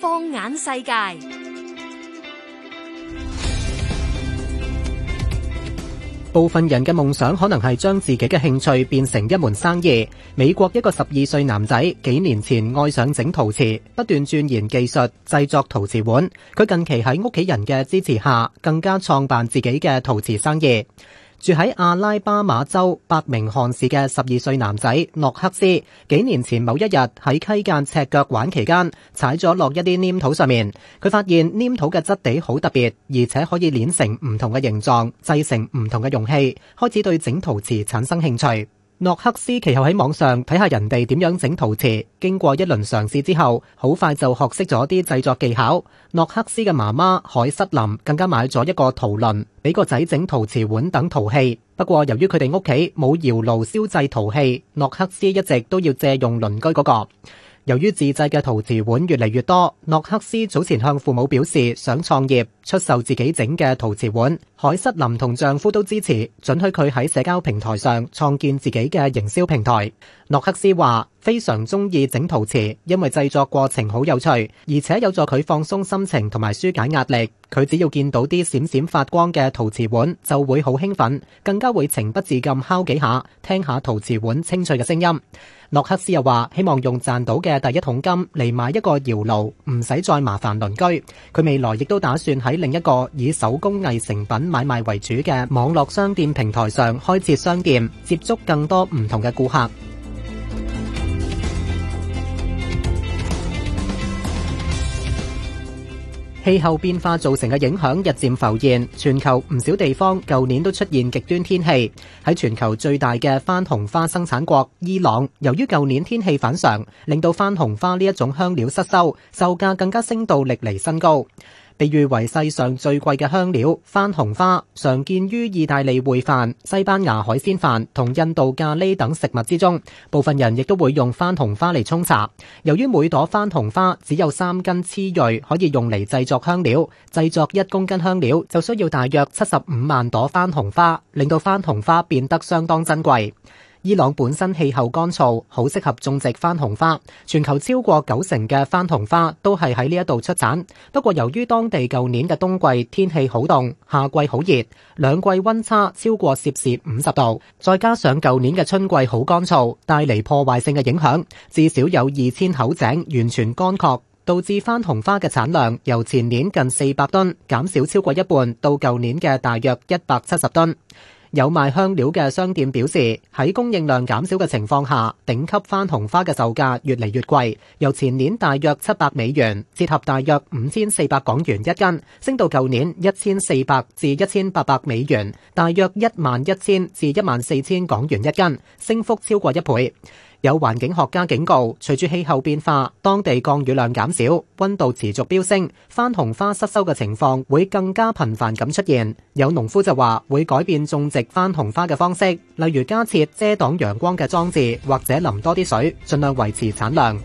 放眼世界，部分人嘅夢想可能係將自己嘅興趣變成一門生意。美國一個十二歲男仔幾年前愛上整陶瓷，不斷鑽研技術，製作陶瓷碗。佢近期喺屋企人嘅支持下，更加創辦自己嘅陶瓷生意。住喺阿拉巴馬州伯明翰市嘅十二歲男仔諾克斯，幾年前某一日喺溪澗赤腳玩期間，踩咗落一啲黏土上面，佢發現黏土嘅質地好特別，而且可以捏成唔同嘅形狀，製成唔同嘅容器，開始對整陶瓷產生興趣。諾克斯其後喺網上睇下人哋點樣整陶瓷，經過一輪嘗試之後，好快就學識咗啲製作技巧。諾克斯嘅媽媽海瑟琳更加買咗一個陶輪，俾個仔整陶瓷碗等陶器。不過由於佢哋屋企冇窯爐燒製陶器，諾克斯一直都要借用鄰居嗰個。由於自製嘅陶瓷碗越嚟越多，諾克斯早前向父母表示想創業出售自己整嘅陶瓷碗，海瑟琳同丈夫都支持，准許佢喺社交平台上創建自己嘅營銷平台。諾克斯話非常中意整陶瓷，因為製作過程好有趣，而且有助佢放鬆心情同埋紓解壓力。佢只要見到啲閃閃發光嘅陶瓷碗，就會好興奮，更加會情不自禁敲幾下，聽下陶瓷碗清脆嘅聲音。洛克斯又話：希望用賺到嘅第一桶金嚟買一個窯爐，唔使再麻煩鄰居。佢未來亦都打算喺另一個以手工藝成品買賣為主嘅網絡商店平台上開設商店，接觸更多唔同嘅顧客。氣候變化造成嘅影響日漸浮現，全球唔少地方舊年都出現極端天氣。喺全球最大嘅番紅花生產國伊朗，由於舊年天氣反常，令到番紅花呢一種香料失收，售價更加升到歷嚟新高。被譽為世上最貴嘅香料，番紅花常見於意大利燴飯、西班牙海鮮飯同印度咖喱等食物之中。部分人亦都會用番紅花嚟沖茶。由於每朵番紅花只有三根雌蕊可以用嚟製作香料，製作一公斤香料就需要大約七十五萬朵番紅花，令到番紅花變得相當珍貴。伊朗本身氣候乾燥，好適合種植番紅花。全球超過九成嘅番紅花都係喺呢一度出產。不過，由於當地舊年嘅冬季天氣好凍，夏季好熱，兩季溫差超過攝氏五十度，再加上舊年嘅春季好乾燥，帶嚟破壞性嘅影響，至少有二千口井完全乾涸，導致番紅花嘅產量由前年近四百噸減少超過一半，到舊年嘅大約一百七十噸。有賣香料嘅商店表示，喺供應量減少嘅情況下，頂級番紅花嘅售價越嚟越貴，由前年大約七百美元，折合大約五千四百港元一斤，升到舊年一千四百至一千八百美元，大約一萬一千至一萬四千港元一斤，升幅超過一倍。有環境學家警告，隨住氣候變化，當地降雨量減少，温度持續飆升，番紅花失收嘅情況會更加頻繁咁出現。有農夫就話會改變種植番紅花嘅方式，例如加設遮擋陽光嘅裝置，或者淋多啲水，盡量維持產量。